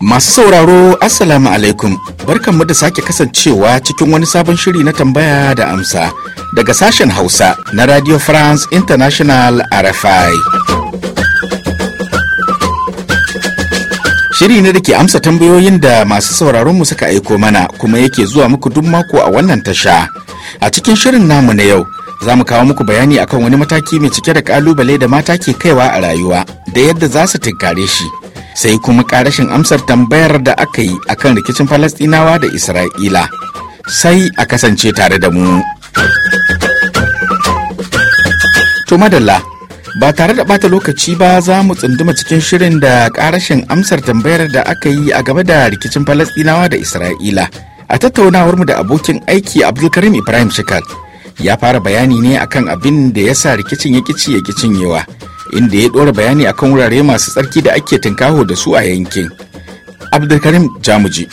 Masu sauraro Assalamu alaikum barkanmu da sake kasancewa cikin wani sabon shiri na tambaya da amsa daga sashen Hausa na Radio France International RFI. Shiri ne da ke amsa tambayoyin da masu sauraron mu suka aiko mana kuma yake zuwa muku duk mako a wannan tasha. A cikin shirin namu na yau, za mu kawo muku bayani akan wani mataki mai cike da kalubale da mata ke kaiwa a rayuwa da yadda za su tinkare shi. Sai kuma karashin amsar tambayar da aka yi akan rikicin Falasɗinawa da Isra'ila. Sai a kasance tare da mu. To madalla ba tare da bata lokaci ba za mu tsunduma cikin shirin da karashin amsar tambayar da aka yi a gaba da rikicin falastinawa da isra'ila a tattaunawar mu da abokin aiki abdulkarim ibrahim shikal ya fara bayani ne akan abin da ya sa rikicin ya kici ya cinyewa inda ya ɗora bayani akan wurare masu tsarki da ake tinkaho da su a yankin abdulkarim jamuji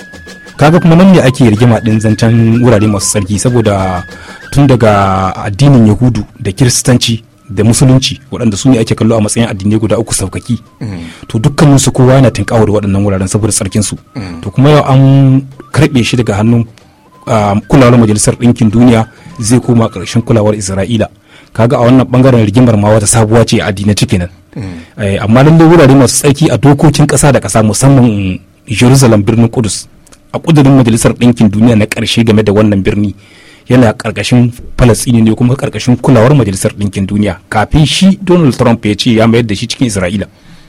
kaga kuma nan ne ake rigima din zancen wurare masu tsarki saboda tun daga addinin yahudu da kiristanci da musulunci waɗanda su ne ake kallo a matsayin addinai guda uku saukaki mm. to dukkan su kowa yana tinkawar waɗannan wuraren saboda tsarkin su mm. to kuma yau an karɓe shi daga hannun um, kulawar majalisar ɗinkin duniya zai koma ƙarshen kulawar isra'ila kaga a wannan bangaren rigimar ma wata sabuwa ce a cike nan. Mm. Eh, amma lallai wurare masu tsarki a dokokin ƙasa da ƙasa musamman jerusalem birnin kudus a ƙudurin majalisar ɗinkin duniya na ƙarshe game da wannan birni yana karkashin falastini ne kuma karkashin kulawar majalisar ɗinkin duniya kafin shi donald trump ya ce ya mayar da shi cikin isra'ila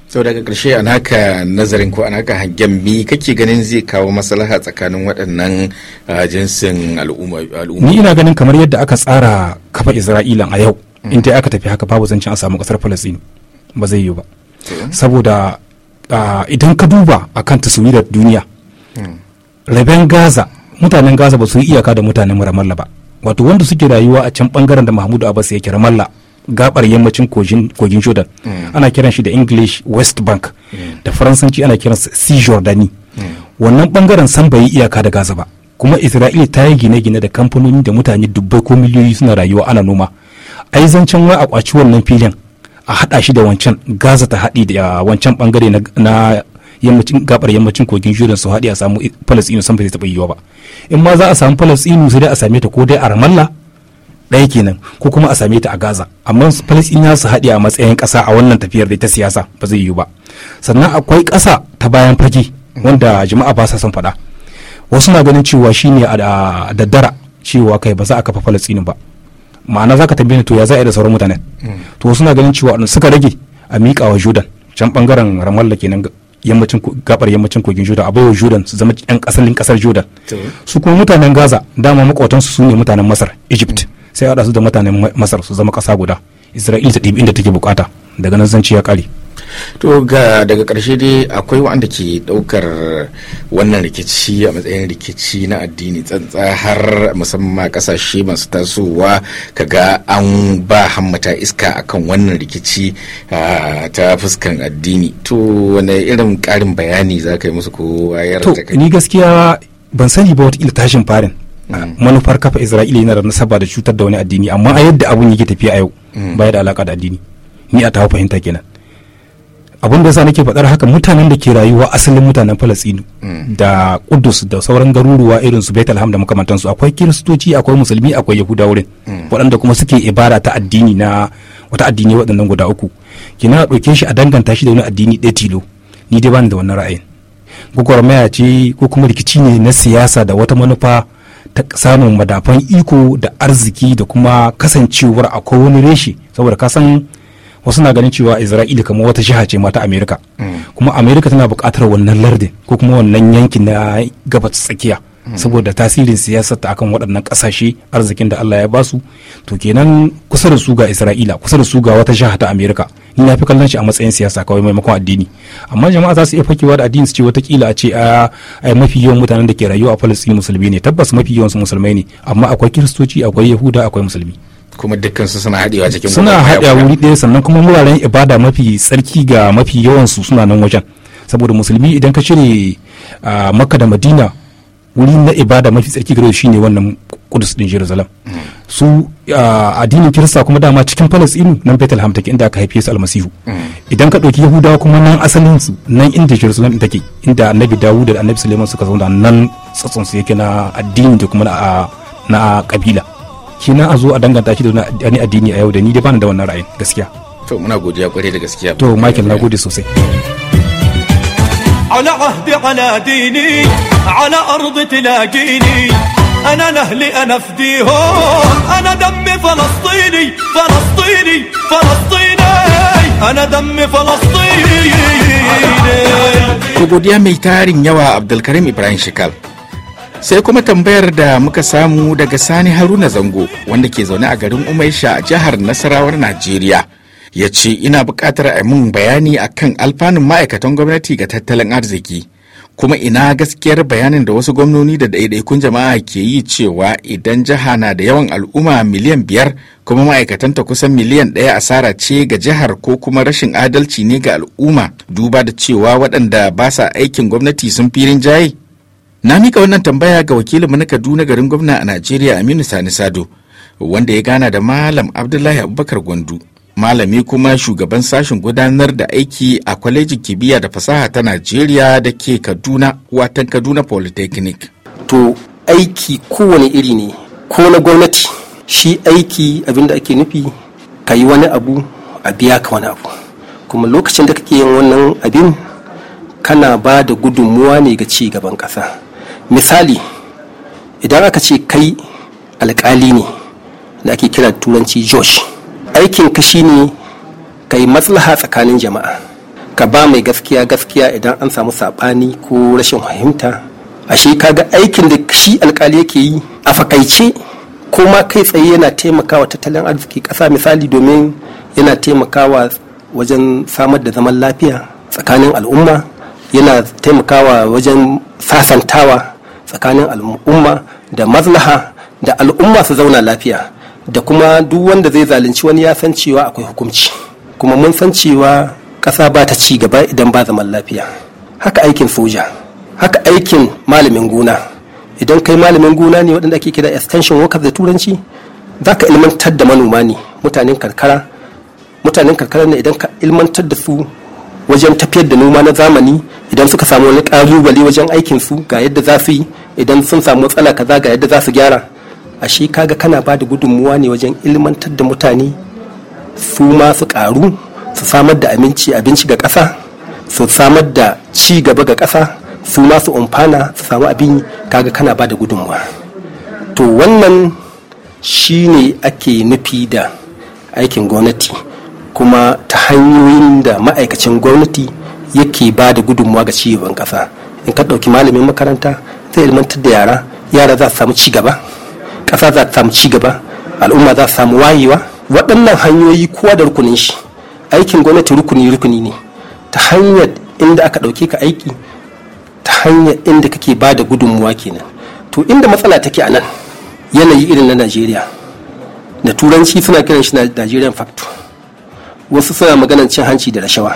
sau daga karshe an haka nazarin ko an haka hangen mi kake ganin zai kawo maslaha tsakanin waɗannan jinsin al'umma ni ina ganin kamar yadda aka tsara kafa isra'ila a yau mm. in dai aka tafi haka babu zancen a samu ƙasar falasini ba zai yi ba saboda idan ka duba akan taswirar duniya mm. raben gaza mutanen gaza ba su yi iyaka da mutanen ramallah ba wato wanda suke rayuwa a can bangaren da mahmudu abbas yake ramalla gabar yammacin kogin jordan hmm. ana kiran shi da english west bank hmm. da faransanci ana kiran si jordani hmm. wannan bangaren san bai yi iyaka da gaza ba kuma isra'ila ta yi gine-gine da kamfanoni da mutane dubbai ko miliyoyi suna rayuwa ana noma ai zancen wa a kwaci wannan filin a haɗa shi da wancan gaza ta haɗi da wancan bangare na yammacin gabar yammacin kogin jordan su haɗe a samu palestino san ba zai taɓa yiwa ba in ma za a samu palestino sai dai a same ta ko dai a ramallah ɗaya kenan ko kuma a same ta a gaza amma palestiniya su haɗe a matsayin ƙasa a wannan tafiyar da ta siyasa ba zai yiwu ba sannan akwai ƙasa ta bayan fage wanda jama'a ba sa son faɗa wasu na ganin cewa shine a daddara cewa kai ba za a kafa palestino ba ma'ana za ka tambaye to ya za a yi da sauran mutanen mm. to wasu na ganin cewa suka rage a miƙa wa jordan can bangaren ramallah kenan yammacin gabar yammacin kogin jordan a baiwa jordan su zama yan asalin kasar jordan su kuma mutanen gaza dama makwatan su ne mutanen masar egypt mm. sai haɗa su da mutanen masar su zama ƙasa guda isra'ila ta ɗibi inda take bukata daga nan zan ci ya kare to ga daga ƙarshe dai akwai wanda ke ɗaukar wannan rikici a matsayin rikici na addini tsantsa har musamman ƙasashe masu tasowa kaga an ba hammata iska akan wannan rikici ta fuskan addini to wane irin ƙarin bayani za ka yi musu ko wayar to ni gaskiya ban sani ba wata tashin farin mm. manufar kafa isra'ila yana da nasaba da cutar da wani addini amma a yadda abun yake tafiya a yau mm. baya da alaka da addini ni a tawo fahimta kenan abin da sa nake faɗar haka mutanen da ke rayuwa asalin mutanen Falasɗinu mm. da Kudus da sauran garuruwa irin su Bethlehem da makamantansu akwai Kiristoci akwai Musulmi akwai Yahuda wurin mm. waɗanda kuma suke ibara ta addini na wata addini waɗannan guda uku kina ɗauke shi a danganta shi da wani addini ɗaya tilo ni dai bani da wannan ra'ayin gwagwarmaya ce ko kuma rikici ne na siyasa da wata manufa ta samun madafan iko da arziki da kuma kasancewar akwai wani reshe saboda kasan wasu na ganin cewa isra'ila kamar wata jiha ce mata amerika kuma amerika tana bukatar wannan lardin ko kuma wannan yankin na gabas tsakiya saboda tasirin siyasar ta akan waɗannan ƙasashe arzikin da Allah ya basu to kenan kusa da su ga Isra'ila kusa da su ga wata jiha ta Amerika ni na fi kallon shi a matsayin siyasa kawai maimakon addini amma jama'a za su iya fakewa da addini su ce watakila a ce a ah, mafi yawan mutanen da ke rayuwa a falasini musulmi ne tabbas mafi yawan su musulmai ne amma akwai kiristoci akwai yahuda akwai musulmi kuma dukkansu suna haɗewa cikin suna haɗewa wuri ɗaya sannan kuma muraren ibada mafi tsarki ga mafi yawansu suna nan wajen saboda musulmi idan ka cire makka da madina wuri na ibada mafi tsarki ga shi ne wannan kudus din jerusalem su addinin kirista kuma dama cikin inu nan bethlehem take inda aka haife su almasihu idan ka ɗauki yahudawa kuma nan asalin su nan inda jerusalem din take inda annabi dawud da annabi suleiman suka zauna nan tsatson su yake na addini da kuma na kabila Kina na a zo a danganta shi da ni addini a yau da ni da bani da wannan ra'ayi gaskiya to muna godiya kwarai da gaskiya to makin nagode sosai ala ahdi ala dini ala ardi tilaqini ana nahli ana fdiho ana dami falastini falastini falastini ana dami falastini ko godiya mai tarin yawa abdulkarim ibrahim shikal sai kuma tambayar da muka samu daga sani haruna zango wanda ke zaune a garin umaisha a jihar nasarawar najeriya ya ce ina bukatar a mun bayani a kan alfanun ma'aikatan gwamnati ga tattalin arziki kuma ina gaskiyar bayanin da wasu gwamnoni da daidaikun jama'a ke yi cewa idan jiha na da yawan al'umma miliyan biyar kuma ma'aikatanta kusan miliyan ɗaya asara ce ga jihar ko kuma rashin adalci ne ga al'umma duba da cewa waɗanda ba sa aikin gwamnati sun firin jaye. na mika wannan tambaya ga wakilinmu na kaduna garin gwamna a najeriya aminu sani sado wanda ya gana da malam abdullahi abubakar gwandu malami kuma shugaban sashen gudanar da aiki a kwalejin kibiya da fasaha ta najeriya da ke kaduna watan kaduna polytechnic to aiki kowane iri ne ko na gwamnati shi aiki abinda ake nufi ka yi wani abu a biya ka wani abu kuma lokacin da kake yin wannan abin kana ba da gudunmuwa ne ga ci gaban ƙasa misali idan aka ce kai alkali ne da ake kira turanci josh aikin ka ne ka yi maslaha tsakanin jama'a ka ba mai gaskiya gaskiya idan an samu saɓani ko rashin fahimta ashe ka ga aikin da shi alkali yake yi a fakaice ko ma kai tsaye yana taimakawa tattalin arziki ƙasa misali domin yana taimakawa wajen samar da zaman lafiya tsakanin al'umma yana taimakawa wajen sasantawa tsakanin al'umma da maslaha da al'umma su zauna lafiya da kuma duk wanda zai zalunci wani ya san cewa akwai hukunci kuma mun san cewa ƙasa ba ta ci gaba idan ba zaman lafiya haka aikin soja haka aikin malamin gona idan kai malamin gona ne waɗanda ake kira extension workers da turanci za ka ilmantar da manoma ne mutanen karkara mutanen karkara ne idan ka ilmantar da su wajen tafiyar da noma na zamani idan suka samu wani ƙalubale wajen aikin su ga yadda za su yi idan sun samu matsala kaza ga yadda za su gyara ashe kaga kana ba da gudunmuwa ne wajen ilmantar da mutane su ma su ƙaru su samar da abinci abinci ga ƙasa su samar da ci gaba ga ƙasa su ma su umfana su samu abin kaga kana ba da gudunmuwa to wannan shine ake nufi da aikin gwamnati kuma hanyoyin da ma'aikacin gwamnati yake ba da gudunmuwa ga cigaban kasa in ka ɗauki malamin makaranta zai ilmantar da yara yara za su samu cigaba ƙasa za ta samu cigaba al'umma za su samu wayewa waɗannan hanyoyi kowa da rukunin shi aikin gwamnati rukuni rukuni ne ta hanyar inda aka ɗauke ka aiki ta hanyar inda kake ba da gudunmuwa kenan to inda matsala take a nan yanayi irin na najeriya da turanci suna kiran shi najeriyan factor wasu suna maganar cin hanci da rashawa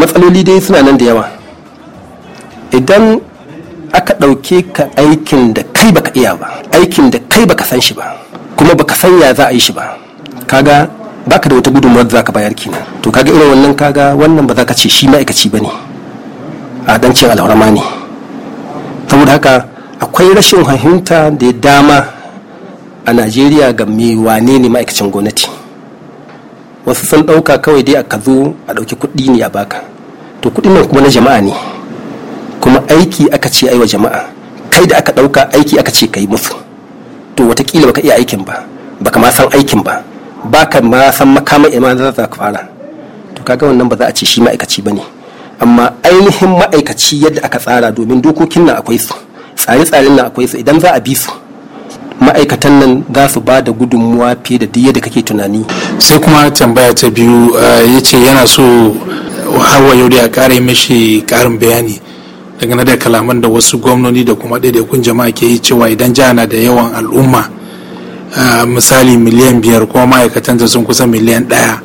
matsaloli dai suna nan da yawa idan aka ɗauke ka aikin da kai baka iya ba aikin da kai baka san shi ba kuma baka san ya za a yi shi ba kaga baka da wata gudunmuwar da ka bayar kenan to kaga irin wannan kaga wannan ba za ka ce shi ma'aikaci ba ne a dan cin ne saboda haka akwai rashin fahimta da dama a najeriya ga me wane ne ma'aikacin gwamnati wasu sun ɗauka kawai dai ka zo a ɗauki kuɗi ne a baka to kuɗin nan kuma na jama'a ne kuma aiki aka ce aiwa jama'a kai da aka ɗauka aiki aka ce kai musu to watakila baka iya aikin ba baka ma san aikin ba baka ma san makama ima za ka fara to kaga wannan ba za a ce shi ma'aikaci ba ne amma ainihin ma'aikaci yadda aka tsara domin dokokin nan akwai su tsare-tsaren nan akwai su idan za a bi su ma'aikatan nan za su ba da gudunmuwa fiye da duk da kake tunani sai kuma tambaya ta biyu eh, ya ce yana so hawa yau da ƙara mishi ƙarin bayani dangane da kalaman da wasu gwamnoni da kuma kun jama'a ke yi cewa idan jiha na da yawan al'umma eh, misali miliyan biyar kuma ma'aikatan ta sun kusa miliyan ɗaya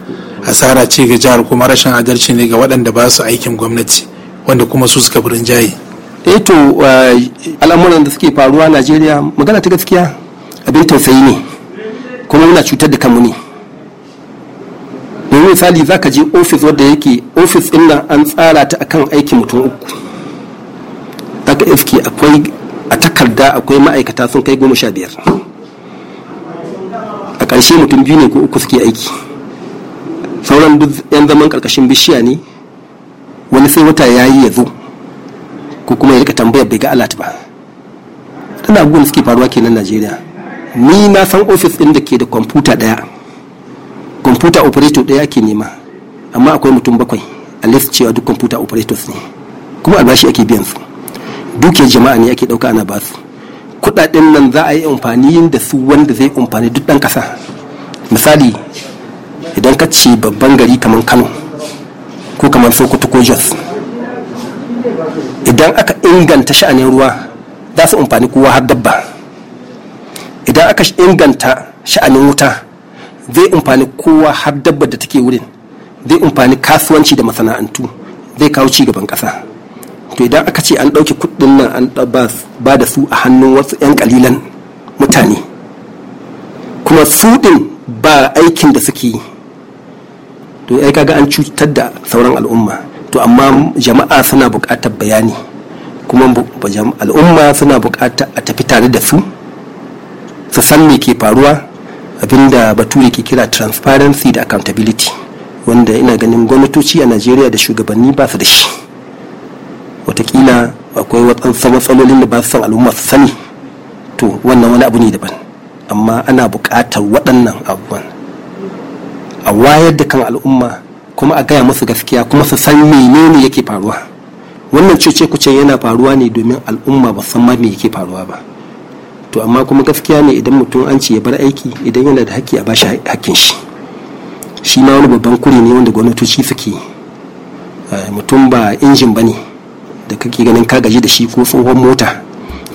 asara ce ga jihar kuma rashin adalci ne ga waɗanda ba su aikin gwamnati wanda kuma su suka burin jaye. eto eh al'amuran da suke faruwa najeriya magana ta gaskiya abin tausayi ne kuma muna cutar da kanmu ne domin misali za ka je ofis wadda yake ofis ɗin nan an tsara ta akan aikin mutum uku daga iski akwai a takarda akwai ma'aikata sun kai goma sha biyar a ƙarshe mutum biyu ne ko uku suke aiki sauran duk yan zaman ƙarƙashin bishiya ne wani sai wata ya yi ya zo ko kuma ya rika tambayar bai ga alat ba tana abubuwan suke faruwa kenan najeriya ni na san ofis ɗin da ke da kwamfuta daya kwamfuta operator daya ke nema amma akwai mutum bakwai a list cewa duk kwamfuta operators ne kuma albashi ake biyan su duke jama'a ne ake ɗauka ana ba su kuɗaɗen nan za a yi amfani da su wanda zai amfani duk ɗan kasa misali idan ka ce babban gari kamar kano ko kamar sokoto ko jos idan aka inganta sha'anin ruwa za su amfani kowa har dabba idan aka inganta sha'anin wuta zai amfani kowa har dabba da take wurin zai amfani kasuwanci da masana'antu zai kawo ci gaban ƙasa to idan aka ce an ɗauki kuɗin nan an ba da su a hannun wasu 'yan ƙalilan mutane kuma su ɗin ba aikin da suke yi to ya kaga an cutar da sauran al'umma to amma jama'a suna buƙatar bayani kuma al'umma suna buƙatar a tafi tare da su su san me ke faruwa abinda bature ke kira transparency da accountability wanda ina ganin gwamnatoci a najeriya da shugabanni ba su da shi watakila akwai waɗansu matsalolin da ba su san al'umma su sani to wannan wani abu ne daban amma ana buƙatar waɗannan abubuwan a wayar da kan al'umma kuma a gaya musu gaskiya kuma su san menene yake faruwa wannan cece kuce yana faruwa ne domin al'umma ba san ma me yake faruwa ba to amma kuma gaskiya ne idan mutum an ce ya bar aiki idan yana da haƙƙi a ba bashi haƙƙin shi shi ma wani babban kuri ne wanda gwamnatoci suke eh, mutum ba injin ba ne da kake ganin ka gaji da shi ko tsohon mota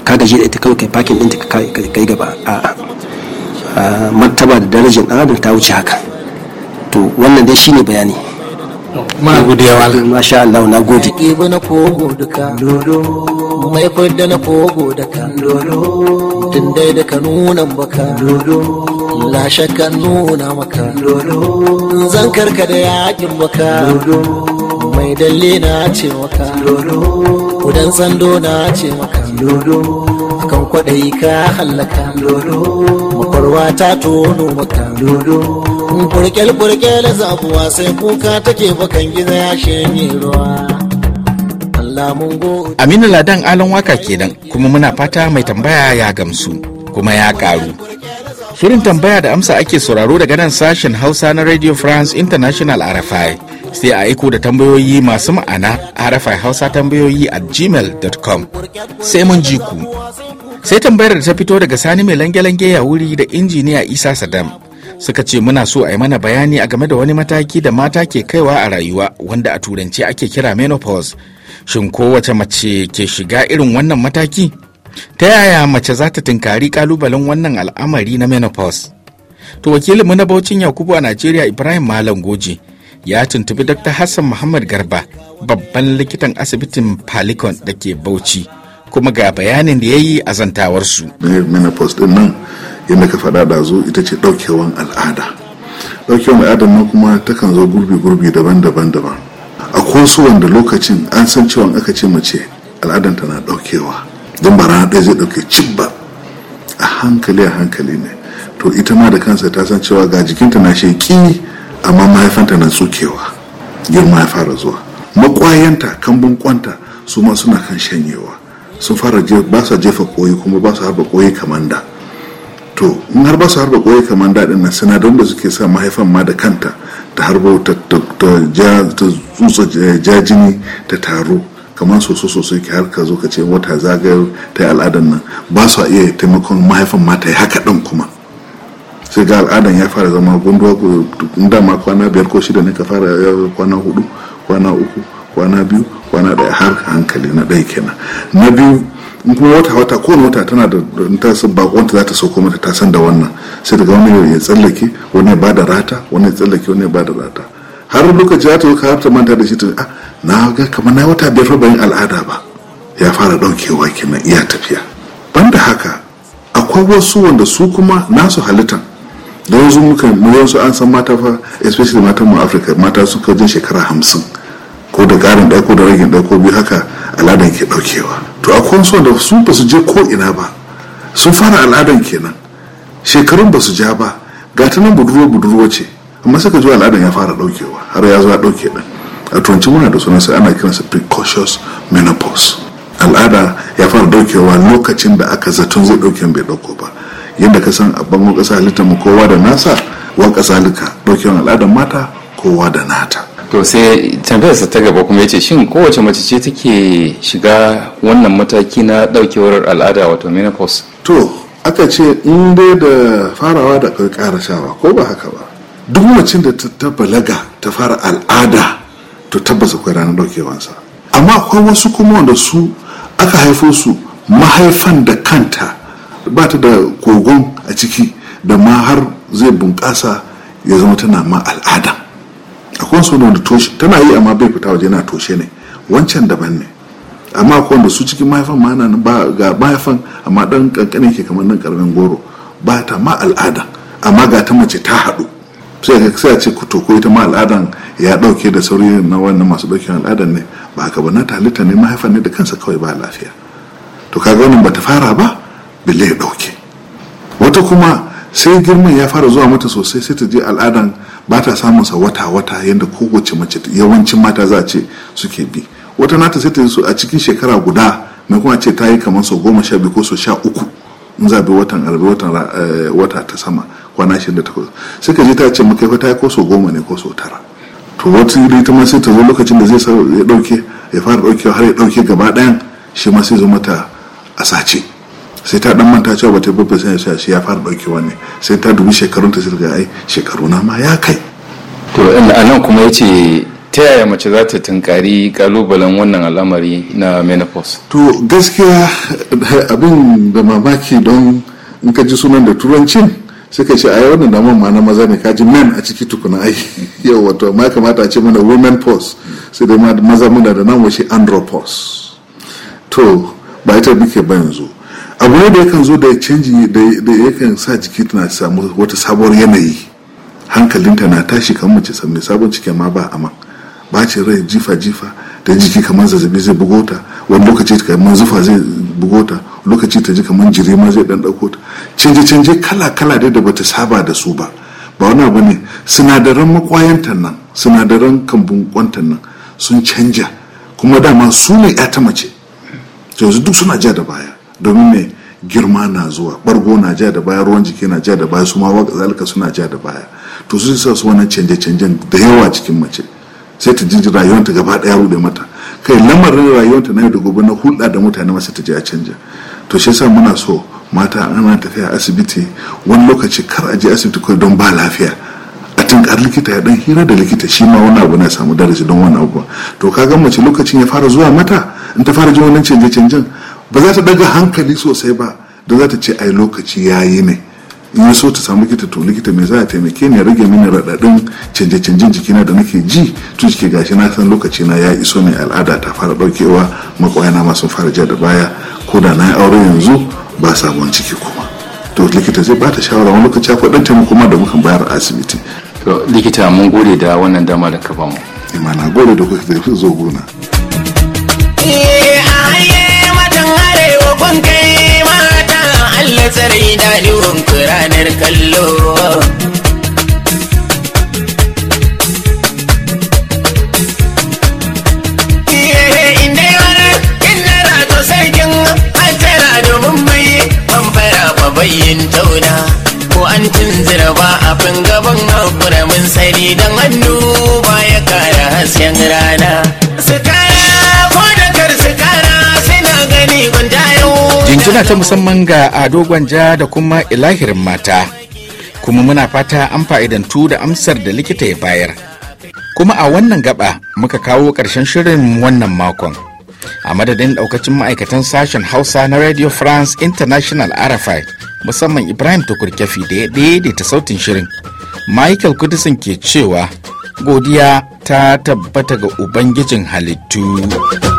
ka gaji da ita kawai kai fakin ɗinta ka kai gaba a ah, martaba da darajar ɗan adam ta wuce haka to wannan dai shine bayani muna godiya wala masha Allah na gode ibi na kogo duka dodo mai fadda na kogo duka dodo tun dai da nuna baka dodo la shakka nuna maka dodo zan karka da yakin baka dodo mai dalle na ce maka dodo kudan sando na ce maka dodo akan kwaɗayi ka hallaka dodo makwarwa ta tono maka dodo burkel burkel zabuwa sai kuka take bakan gida ya shanye ruwa Aminu Ladan Alon Waka kenan kuma muna fata mai tambaya ya gamsu kuma ya karu. Shirin tambaya da amsa ake sauraro daga nan sashen Hausa na Radio France International RFI sai a aiko da tambayoyi masu ma'ana RFI Hausa tambayoyi a gmail.com sai mun ji ku. Sai tambayar da ta fito daga Sani mai lange-lange ya wuri da injiniya Isa Saddam suka ce muna so a yi mana bayani a game da wani mataki da mata ke kaiwa a rayuwa wanda a turance ake kira menopause shin kowace mace ke shiga irin wannan mataki ta yaya mace za ta tunkari kalubalen wannan al'amari na menopause to wakilinmu na baucin yakubu a najeriya ibrahim malam goji ya tuntubi dr hassan muhammad garba babban likitan asibitin palikon da ke bauchi kuma ga bayanin da ya yi a zantawarsu menopause yadda ka faɗa da zo ita ce ɗaukewan al'ada ɗaukewan al'ada nan kuma takan zo gurbi-gurbi daban-daban daban a su wanda lokacin an san cewa aka ce mace al'adan na ɗaukewa don ba rana ɗaya zai ɗauke cibba a hankali a hankali ne to ita ma da kansa ta san cewa ga jikinta na sheƙi amma mahaifanta na tsukewa girma ya fara zuwa makwayanta kambun kwanta su ma suna kan shanyewa sun fara basa jefa koyi kuma ba su harba koyi kamar da to in har ba su harba koyi kamar daɗin nan sinadaran da suke sa mahaifan ma da kanta ta harbo ta tsutsa jajini ta taro kamar soso soso ki har ka zo ka ce wata zagayar ta yi al'adar nan ba su iya taimakon mahaifan ma ta yi haka ɗin kuma sai ga al'adan ya fara zama gunduwa dama kwana biyar ko shida ne ka fara kwana hudu kwana uku kwana biyu kwana ɗaya har hankali na ɗaya kenan na biyu in kuma wata wata ko wata tana da ta san bakonta za ta sauko mata ta san da wannan sai daga wani ya tsallake wani ba da rata wani ya tsallake wani ba da rata har lokaci zata ta yi har manta da shi ta ah na ga kamar na wata biyar ba yin al'ada ba ya fara daukewa kenan iya tafiya banda haka akwai wasu wanda su kuma nasu halittan da yanzu muka yanzu an san mata fa especially matan mu afirka mata suka jin shekara hamsin ko da karin ɗaya ko da ragin ɗaya ko biyu haka aladan ke ɗaukewa to akwai so da su ba su je ko ina ba sun fara al'adan kenan shekarun ba su ja ba ga ta nan budurwa budurwa ce amma suka zuwa al'adan ya fara daukewa har ya zo a dauke din a turanci muna da sunan sai ana kiransa precocious menopause al'ada ya fara daukewa lokacin da aka zaton zai dauke bai dauko ba yadda ka san a bangon kasa halittar mu kowa da nasa wa kasa daukewan al'adan mata kowa da nata to sai sa ta gaba kuma yace shin kowace mace ce take shiga wannan mataki na daukewar al'ada wato menopause to aka ce in dai da farawa da shawa ko ba haka ba duk macin da ta balaga ta fara al'ada to tabbas akwai ranar daukewansa amma akwai wasu kuma wanda su aka haifo su mahaifan da kanta ba ta da kogon a ciki da ma har zai bunƙasa ya zama tana ma al'ada akwai su wanda toshe tana yi amma bai fita waje na toshe ne wancan daban ne amma akwai wanda su cikin mahaifan ma na ga mahaifan amma dan kankane ke kamar nan karamin goro ba ta ma al'ada amma ga ta mace ta haɗu sai ka sai ce ku toko ita ma al'adan ya dauke da sauri na wannan masu daukin al'adan ne ba ka ba na talita ne mahaifan ne da kansa kawai ba lafiya to kaga wannan bata fara ba bille ya dauke wata kuma sai girman ya fara zuwa mata sosai sai ta je al'adan ba ta samun sa wata wata yadda kowace mace yawancin mata za a ce suke bi wata nata sai ta su a cikin shekara guda mai kuma ce ta yi kamar sau goma sha biyu ko sau sha uku in za bi watan arabi watan eh, wata ta sama kwana shi da takwas sai ka je ta ce makaifa ta yi ko sau goma ne ko sau tara to wata ita ma sai ta zo lokacin da zai ya dauke ya fara dauke har ya dauke gaba ɗayan shi ma sai zo mata a sace sai ta dan manta cewa bata babba sai ya shi ya fara daukewa ne sai ta dubi shekarun ta sai ga ai shekaru na ma ya kai to a nan kuma ya ce ta yaya mace za ta tunkari kalubalen wannan al'amari na menopause to gaskiya abin da mamaki don in ka ji sunan da turancin ka ce ai da damar ma na maza ne ka ji men a ciki tukuna ai yau wato ma kamata a ce mana women pause sai dai maza muna da nan washe andropause to ba ita muke ba yanzu abu ne da yakan zo da canji da yakan sa jiki tana samu wata sabuwar yanayi hankalinta na tashi kamar mace mai sabon cike ma ba ba ce rai jifa jifa da jiki kamar zazzabi zai bugo ta wani lokaci kamar zufa zai bugo ta lokaci ta ji kamar jiri ma zai dan dauko ta canje canje kala kala dai da bata saba da su ba ba wani abu ne sinadaran makwayantan nan sinadaran kambun kwantan nan sun canja kuma dama su ne ya ta mace yanzu duk suna ja da baya domin me girma na zuwa bargo na ja da baya ruwan jiki na ja da baya su ma wa suna ja da baya to su sa su wannan canje-canjen da yawa cikin mace sai ta ji rayuwanta gaba daya rude mata kai lamarin rayuwanta na yau da gobe na hulɗa da mutane masu ta je a canja to shi sa muna so mata ana tafiya asibiti wani lokaci kar a je asibiti kawai don ba lafiya a tunkar likita ya dan hira da likita shi ma wani abu na samu darasi don wani abu to ka ga mace lokacin ya fara zuwa mata in ta fara jin wannan canje-canjen ba za ta daga hankali sosai ba da za ta ce ai lokaci ya ne in so ta samu likita to likita mai za a taimake ni rage mini raɗaɗin canje-canjen jikina da nake ji tun ga gashi na san lokaci na ya iso ne al'ada ta fara ɗaukewa makwayana ma sun fara ja da baya ko da na yi aure yanzu ba sabon ciki kuma to likita zai bata shawara wani lokaci akwai ɗan taimako ma da muka bayar a asibiti. to likita mun gode da wannan dama da ka bamu. imana eh gode da kuka zo gona. Eh, nasarai daɗin ku ranar kallo bayyin tauna ko an tunzura ba a fin gaban hakura mun sani don hannu ba ya kara hasken rana muna ta musamman ga Ado Gwanja da kuma ilahirin mata. Kuma muna fata an fa'idantu da amsar da likita ya bayar. Kuma a wannan gaba muka kawo ƙarshen shirin wannan makon. A madadin ɗaukacin ma'aikatan sashen Hausa na Radio France International RFI musamman Ibrahim Tukurkefi da ya daidaita sautin shirin. Michael Kudisin ke cewa godiya ta tabbata ga Ubangijin halittu.